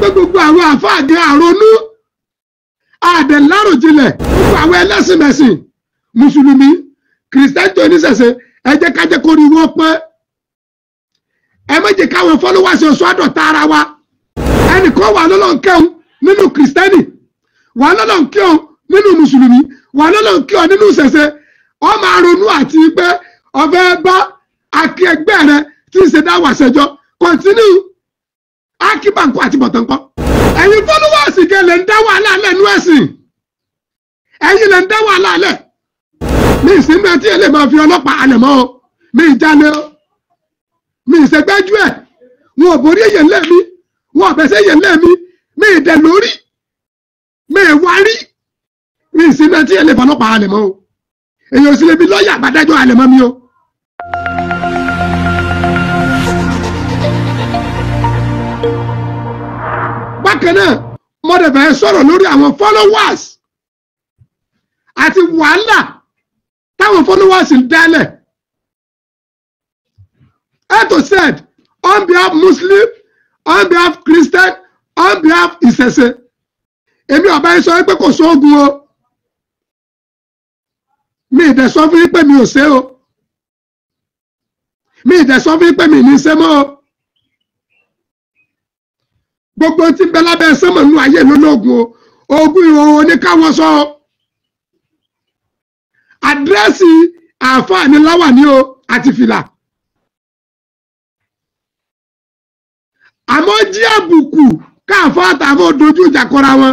pé gbogbo àwọn àfáàgé àrònú àdẹ̀láròjinlẹ̀ gbogbo àwọn ẹlẹ́sìnmẹ̀sìn mùsùlùmí kìrìsìtẹ́nì tó oníṣẹ̀ṣe ẹ jẹ́ ká wọ́n pẹ́ ẹ méje káwọn fọ́lọ́wọ́sì oṣù àdọ̀tá ara wa ẹnìkan wà lọ́lọ́n nínú kìrìsìtẹ́nì wà nínú mùsùlùmí wà nínú àti ọ̀fẹ́ bá akẹgbẹ́ rẹ tí ń ṣe akíbankọ àti bọ̀tànkọ́ ẹ̀yin followers kẹ́ lè ń dá wàhálà lẹ̀ nú ẹ̀sìn ẹ̀yin lè ń dá wàhálà lẹ̀ mi ìsinmi ẹtí ẹ lè máa fi ọlọ́pàá alẹ̀ mọ́ o mi ìjáde o mi ìsẹgbẹ́jú ẹ̀ wọn ò borí èyàn lẹ́ẹ̀mí wọn ò bẹ̀sẹ̀ èyàn lẹ́ẹ̀mí mi ìdẹ̀ lórí mi ìwárí mi ìsinmi ẹtí ẹ lè fọlọ́pàá alẹ̀ mọ́ o èyàn ò sì lè fi lọ́ọ̀yà àgbàdájọ́ alẹ̀ mọ́ mi o. bákan náà mo dẹ̀ fẹ́ sọ̀rọ̀ lórí àwọn followers àti wàhálà táwọn followers ń dálẹ̀ eto said on behalf muslim on behalf christian on behalf ìṣẹ̀ṣe èmi ọba yìí sọ pé kò sóògùn o mi ì dẹ̀ sọ fún yín pé mi ò ṣe o mi ì dẹ̀ sọ fún yín pé mi ì ní ṣe mọ́ o gbogbo ti bẹ lábẹ́ sánmọ̀ nínú ayé lólógun o ogun ìhòòhò ní káwọn sọ àdírẹ́sì àǹfààní láwàní o àti fìlà. àmọ́ jí àbùkù káàfọ́ àtàwọn òdojú ìjà kọra wọn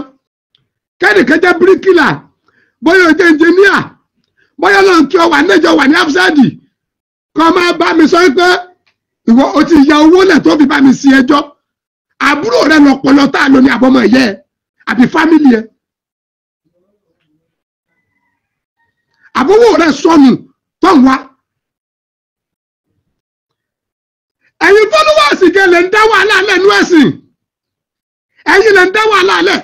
kẹ́nìkan jẹ́ bíríkìlà bóyá o jẹ́ ẹnjìníà bóyá lọ́n kí ọ wà níjọ wà ní áfíṣáàdì kọ́ máa bá mi sọ pé ìwọ o ti ya owó lẹ̀ tó fi bá mi sin ẹjọ́ àbúrò rẹ lọpọlọ tá a lò ní àbọmọ ẹyẹ àbí fámìlì ẹ àbúrò rẹ sọnù tó ń wá ẹ̀yin fọlọwọsì kẹ lè ń dá wàhálà lẹ́nu ẹ̀sìn ẹ̀yin lè ń dá wàhálà lẹ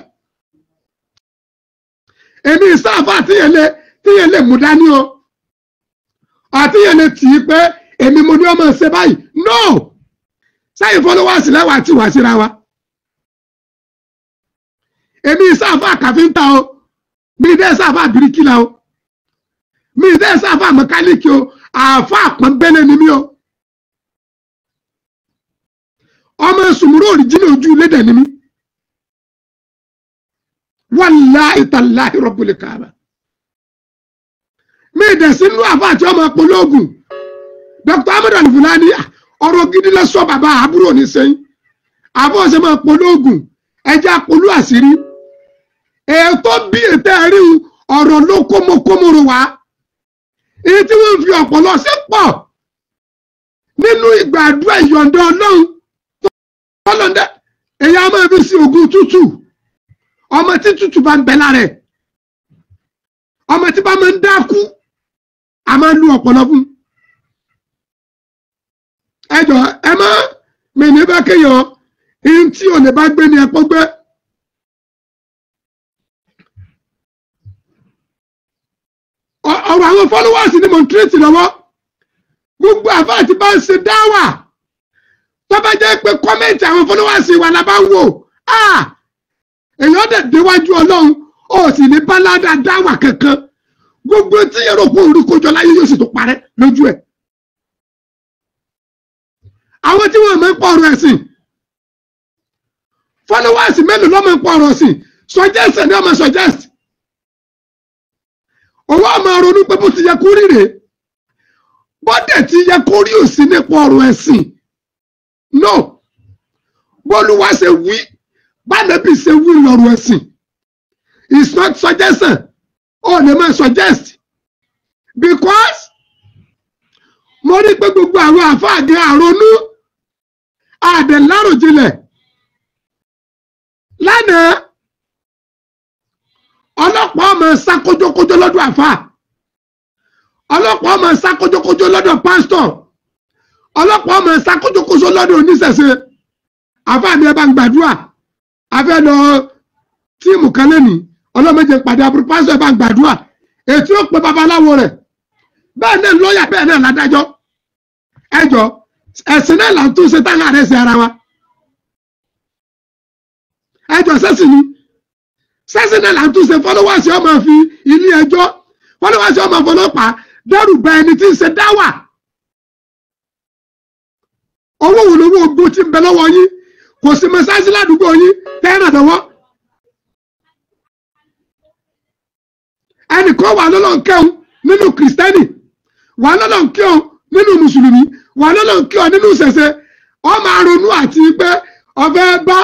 èmi ìsáàfà tíyẹlẹ tíyẹlẹ mú dání o àtíyẹlẹ tì í pé èmi mo ní ọmọ ṣe báyìí no sẹ́yìn fọlọwọsì lẹwà tí wàá síra wa èmi ìsáfà kàfíńtà o mi ìdẹ́ ìsáfà bíríkìlà o mi ìdẹ́ ìsáfà mẹkáníìkì o àáfà àpọ́nbélé ni mí o ọmọ sùmùrù òrìjìnà ojú ilé dẹ̀ ni mí wàláhì tàláhì rọ́bùlì kààbà mi ìdẹ̀ sínú àfà àti ọmọ polóògùn Dr. Ahmed Alifulani ọ̀rọ̀ gidi lẹ́sọ̀ bàbá àbúrò ní sẹ́yìn àbọ̀ ọ̀sẹ̀ máa polóògùn ẹja polú àṣírí. èyí tó bí ètò ẹ̀rí ọ̀rọ̀ ló kómokómoro wá èyí tí wọ́n fi ọ̀pọ̀lọ́ sí pọ̀ nínú ìgbà àdúrà ìyọ̀ǹda ọlọ́run tọ́lọ́ndẹ́ èyí á máa fi sí ògùn tútù ọmọ tí tútù bá ń bẹ lára ẹ̀ ọmọ tí bá máa ń dákú a máa ń lu ọ̀pọ̀lọ́ fún ẹjọ́ ẹ má mẹ́ni bá kéèyàn ihun tí òní bá gbé ni ẹ pọ́gbẹ́. ọ̀rọ̀ àwọn followers ni mo ń treat lọ́wọ́ gbogbo àfáà ti bá ń ṣe dáwà tó bá jẹ́ pé kọ́mẹ́ǹtì àwọn followers wa la bá ń wò ah, èèyàn dẹ̀ déwájú ọlọ́run ó sì ní báládà dáwà kankan gbogbo tí yẹ̀rọ kó orí kójọ láyé yóò sì tó parẹ́ lójú ẹ̀ àwọn tí wọ́n mọ̀ ń pọ̀ ọ̀rọ̀ ẹ̀sìn followers mélòó ló mọ̀ ń pọ̀ ọ̀rọ̀ ẹ̀sìn suggest ni wọ́n mọ̀ suggest ó wá máa ronú pé bó ti yẹ kó rí rèé bọ́dẹ̀ ti yẹ kó rí òsì nípa ọ̀rọ̀ ẹ̀sìn no bọ́lúwa ṣe wí bánẹ́bí ṣe wí lọ́rọ̀ ẹ̀sìn it's not suggestion ó lè máa suggest because mo rí pé gbogbo àwọn àfáàgé àrònú àdèláròjinlẹ̀ lánàá ọlọ́pàá ọmọ sá kójókójó lọ́dọ̀ àfà ọlọ́pàá ọmọ sá kójókójó lọ́dọ̀ pásítọ̀ ọlọ́pàá ọmọ sá kójókójó lọ́dọ̀ oníṣẹ̀ṣe àfà mi ẹ bá ń gbàdúrà afẹ́ lọ tíìmù kan lẹ́nìí ọlọ́mọdé pàdé àbúrò pásítọ̀ ẹ bá ń gbàdúrà ètí ó pe babaláwo rẹ̀ bẹ́ẹ̀ náà lọ́ọ̀yà bẹ́ẹ̀ náà ládájọ́ ẹjọ́ ẹ̀sìn náà là ń túnṣe táwọn àrẹsẹ̀ ara wa ẹjọ́ sẹ́sìn ni sẹ́sìn náà làtúnṣe followers yóò máa fi ilé ẹjọ́ followers yóò máa fọlọ́pàá dẹ́rù bà ẹni tí ń ṣe dáwà owó wo lówó ogbó tí ń bẹ lọ́wọ́ yín kò sí mẹsáàsì ládùúgbò yín tẹ́ràn lọ́wọ́ ẹnìkan wà lọ́lọ́nkẹ́hùn nínú kìrìsìtẹ́nì wà lọ́lọ́nkẹ́hùn nínú mùsùlùmí wà lọ́lọ́nkẹ́hùn nínú ṣẹ̀ṣẹ̀ ó máa àti pé ọ̀fẹ́ bá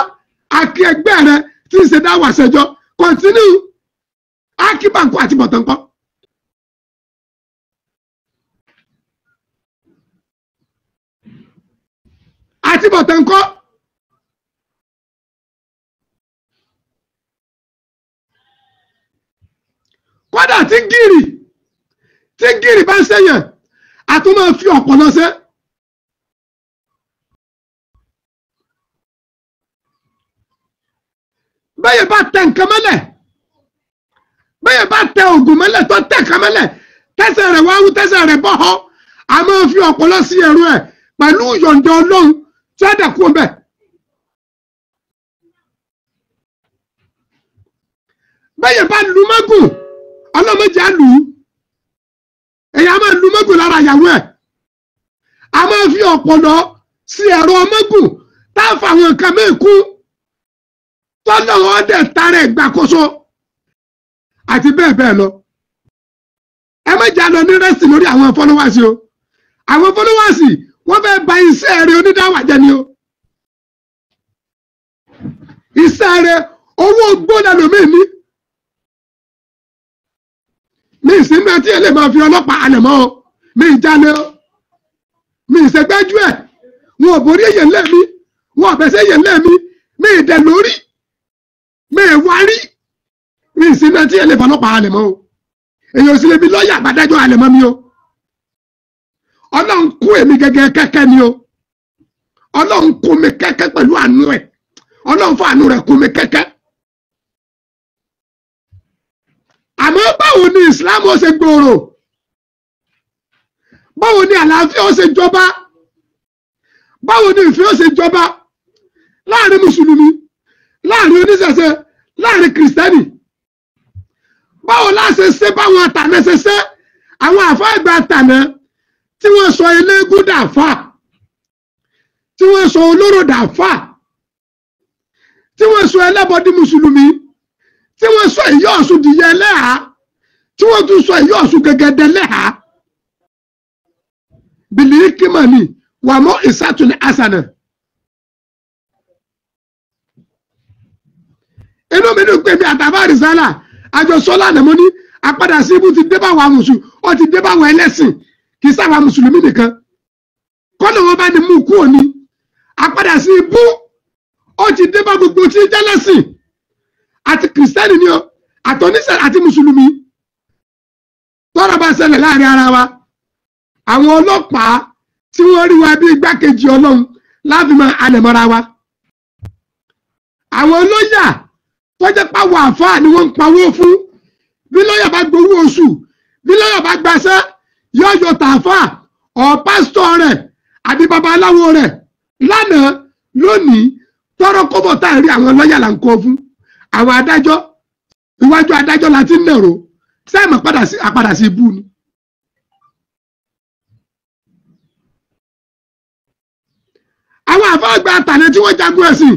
akẹgbẹ́ rẹ tí ń ṣe dáwà ṣẹjọ́ continue akíbànkú àti bọ̀tànkọ́. àti bọ̀tànkọ́. kódà tí gírì tí gírì bá ń ṣèyàn a tún máa fi ọ̀pọ̀ lọ sẹ́ẹ́. bẹ́ẹ̀ bá tẹ nǹkan mọ́lẹ̀ bẹ́ẹ̀ bá tẹ oògùn mọ́lẹ̀ tó tẹ nǹkan mọ́lẹ̀ tẹ́sẹ̀ rẹ̀ wáwú tẹ́sẹ̀ rẹ̀ bọ́ họ a máa fi ọ̀pọ̀lọ́ sí ẹ̀rú ẹ̀ pẹ̀lú yọ̀ǹda ọlọ́run tí ó dẹ̀ kú ọbẹ̀. bẹ́ẹ̀ bá lu mọ́gùn ọlọ́mọdé á lù ú èyí a máa lu mọ́gùn lára ìyàwó ẹ̀ a máa fi ọ̀pọ̀lọ́ sí ẹ̀rọ mọ́gùn táà fà àwọn nǹkan mẹ́ẹ̀kún tọ́lọ́wọ́ dẹ̀ tààrẹ ìgbàkóso àti bẹ́ẹ̀ bẹ́ẹ̀ lọ ẹ méjì lọ ní rẹ́sì lórí àwọn fọlọ́wàsì o àwọn fọlọ́wàsì wọ́n fẹ́ ba iṣẹ́ rẹ onídàáwà jẹ́ ni o iṣẹ́ rẹ owó gbóná lómi ní mi ìsinmi tí ẹ lè máa fi ọlọ́pàá àlẹ̀mọ́ o mi ìjánu o mi ìṣègbẹ́jú ẹ̀ wọn ò borí èyàn lẹ́ẹ̀mí wọn ò bẹ̀sẹ̀ èyàn lẹ́ẹ̀mí mi ìdẹ̀ lórí mẹ́ẹ̀ e wá rí mi sí náà tí ẹ lè fọlọ́pàá alẹ̀ mọ́ o èèyàn sì lè mi lọ́ọ̀yà àbádájọ́ alẹ̀ mọ́ mi o ọlọ́run kún èmi gẹ́gẹ́ kẹ́kẹ́ ni o ọlọ́run kún mi kẹ́kẹ́ pẹ̀lú àánú ẹ̀ ọlọ́run fún àánú rẹ̀ kún mi kẹ́kẹ́ àmọ́ báwo ni Islam ó ṣe gbòòrò báwo ni àlàáfíà ó ṣe jọba báwo ni ìfẹ́ ó ṣe jọba láàrin mùsùlùmí láàrin oníṣẹ̀ṣe ṣe báwọn àtàná ṣe ṣe àwọn àfa ìgbà àtàná tí wọ́n sọ eléégún dàfà tí wọ́n sọ olóró dàfà tí wọ́n sọ ẹlẹ́bọdí mùsùlùmí tí wọ́n sọ ìyá ọ̀ṣun dìyẹ lẹ́hà tí wọ́n tún sọ ìyá ọ̀ṣun gẹ́gẹ́dẹ́ lẹ́hà bìlìrì kímọ̀ ni wàmọ́ ìsàtúnlẹ̀ àṣànà. inú mi dùn pé mi àtàbà rìsálà àjọsọ́lá nàmọ́ ní àpadà sí ibú ti dé bá wa mùsùlùmí ó ti dé bá wa ẹlẹ́sìn kì í sábà mùsùlùmí nìkan kọ́nà wọn bá ní mú kú òní àpadà sí ibú ó ti dé bá gbogbo tí ń jẹ́lẹ́sìn àti kìrìsìtẹ́nì ni ó àtọ́nísẹ̀ àti mùsùlùmí tọ́rọ̀ bá ṣẹlẹ̀ láàrin ara wa àwọn ọlọ́pàá tí wọ́n rí wa bí igbákejì ọlọ́run láàfin máa alẹ̀mọ́ra wa àwọn olóyà tọ́jẹ́ pàwọ̀ àfáà ni wọ́n ń pawó fún bí lọ́yà bá gbowó oṣù bí lọ́yà bá gbaṣẹ́ yóò yọ tààfà ọ̀ pásítọ̀ rẹ̀ àbí babaláwo rẹ̀ lánàá lónìí tọrọ kọ́bọ̀ tá a rí àwọn lọ́yà là ń kó fún àwọn adájọ́ iwájú adájọ́ la ti ń nàró sẹ́ẹ̀mù àpadà sí ibú ni. àwọn àfọwọ́gbà àtàlẹ́ tí wọ́n jagun ẹ̀sìn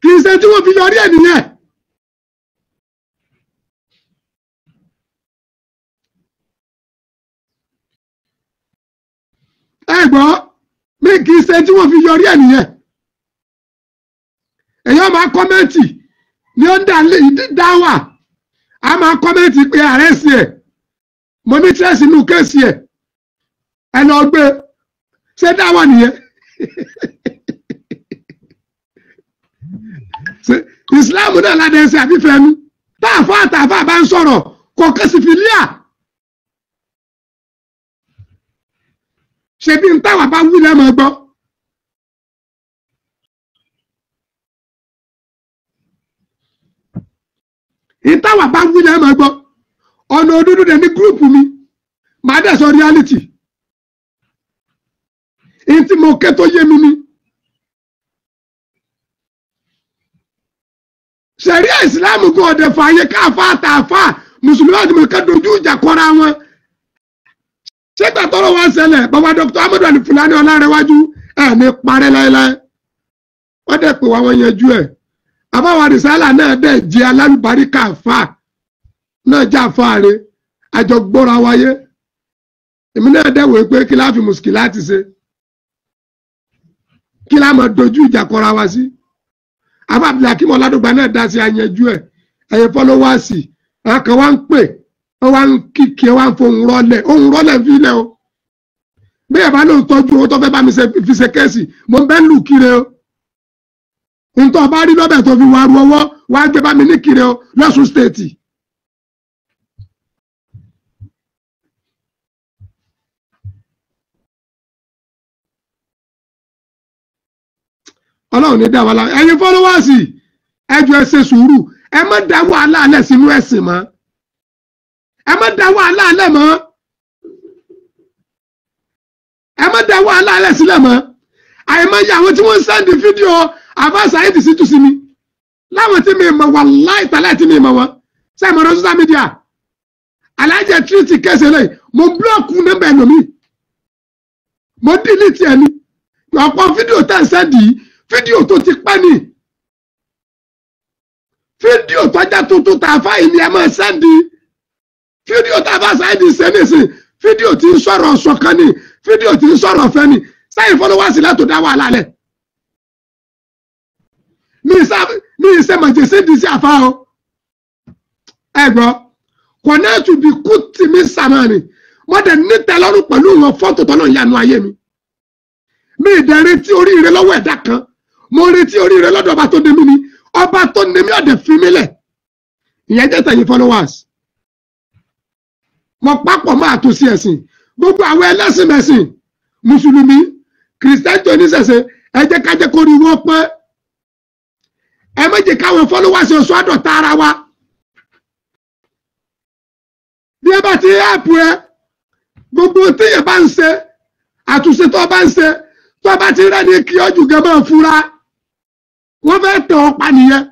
kì í ṣe tí wọ́n fi yọrí ẹ̀ nìyẹn. gbọ́ mi kì í ṣe tí wọ́n fi yọrí ẹ̀ nìyẹn èèyàn máa kọ́mẹ́ǹtì ni ó ń dá wà á máa kọ́mẹ́ǹtì pé àrẹ́sì ẹ̀ mo ní tírẹ́sì inú kéèsì ẹ̀ ẹ lọ gbé ṣé dá wà nìyẹn Islam náà ládẹ́sẹ̀ àbífẹ́nu táàfà àtàfà bá ń sọ̀rọ̀ kò kẹ́sì fìlíà. ṣebí n táwa bá wí lẹ́mọ̀ gbọ́. n táwa bá wí lẹ́mọ̀ gbọ́ ọ̀nà òdúdú dẹ̀ ní gúrùpù mi màá dẹ̀ sọ reality n tí mo ké tó yé mi ni. sẹ̀ríà ìsìláàmù gan ọ̀dẹ̀fà yẹ káfá àtàfà mùsùlùmí àti mùsùlùmí ká dojú ìjà kọra wọn ṣégbà tọrọ wá ṣẹlẹ̀ bàbá dr amadu ali fulani ọlárẹwájú ẹ ní parẹ́ láéláé wọ́n dẹ̀ pé wọ́n yanjú ẹ̀ àbáwọn rìsálà náà dẹ̀ jẹ́ alálùbáríkà fà náà jẹ́ àfáàre àjọgbọ́ra wáyé èmi náà dẹ̀ wòye pé kí láàfin mùsùlùmí láti ṣe kí láà mọ̀ dojú ìjà kọra wa sí àbá abdulhakeem ọládùgbà náà dá sí ayanjú ẹ̀ ẹ̀yẹ fọlọ́wọ́sì àwọn kan wá ń pè ó wá ń kíkì ó wá ń fohùn rọlẹ̀ ohùn rọlẹ̀ fi lẹ̀ o bí ẹ̀ bá lóun tọ́jú owó tó fẹ́ bá mi fi ṣe kẹ́sì mo ń bẹ́ lù kiri o ntọ́ ọba rí lọ́bẹ̀ tó fi wàrú ọwọ́ wàá gbé bá mi ní kiri o lọ́sùn stéètì. ọlọ́run ní dá wàhálà ẹ̀yin fọ́lọ́wọ́sì ẹ jọ̀ọ́ ẹ ṣe sùúrù ẹ má dá wàhálà alẹ́ sínú ẹ̀sìn mọ́ ẹ má da wàhálà alẹ́ mọ́ ẹ má da wàhálà alẹ́ sílẹ̀ mọ́ àìmọye àwọn tí wọ́n ń sẹ́ndì fídíò àbáṣà ayé ti sí tù sí mi láwọn tí mi mọ̀ wàláì tàlẹ́ tí mi mọ̀ wọ́n sẹ́mi ọ̀rọ̀ social media alájẹ tírìtì kẹsẹ̀ lẹ́yìn mo búlọ́ọ̀kù nọ́mbà ẹlòmíì mo dìlítì ẹni ọ̀pọ̀ fídíò tá ń sẹ́ndì yìí fídíò tó ti pẹ́ ni fídíò tọ́jà tuntun tá a fáyìí ni ẹ máa sẹ́ndì yìí fídíò tàbá Saidi ṣe nísìn fídíò tí ń sọ̀rọ̀ ṣọ̀kan ni fídíò tí ń sọ̀rọ̀ fẹ́ ni sẹ́yìn fọlọ́wọ́sì látò dá wàhálà lẹ̀ mi ìṣe mọ̀jẹ̀sí di sí àfa o ẹ gbọ́ kọ̀nẹ́ẹ̀tù bí kú tì mí sàmánì wọ́n dẹ̀ nítẹ̀ lọ́rùn pẹ̀lú wọn fọ́tò tọ́nà ìyanu ayé mi mi ìdẹ̀ retí oríire lọ́wọ́ ẹ̀dá kan mo retí oríire lọ́dọ̀ ọba tó dé mí ni ọba tó ní mi ọ̀dẹ̀ fi mí lẹ̀ ìyẹn jẹ́ tẹ̀yìn followers wọn papọ̀ máa tún sí ẹ̀sìn gbogbo àwọn ẹlẹ́sìn mẹ̀sìn mùsùlùmí kìrìsìtẹ́ntì oníṣẹ̀ṣe ẹ jẹ́ ká jẹ́ kó rí wọn pé ẹ méje káwọn followers oṣù àdọ̀tá ara wa bí ẹ bá ti ẹ̀pù ẹ gbogbo tíyẹ̀ bá ń ṣe àtúnṣe tó bá ń ṣe tó bá ti rẹ́ni kí ọjù gẹ́gẹ́ máa fura wọ́n fẹ́ tẹ̀ ọ́ pa nìyẹn.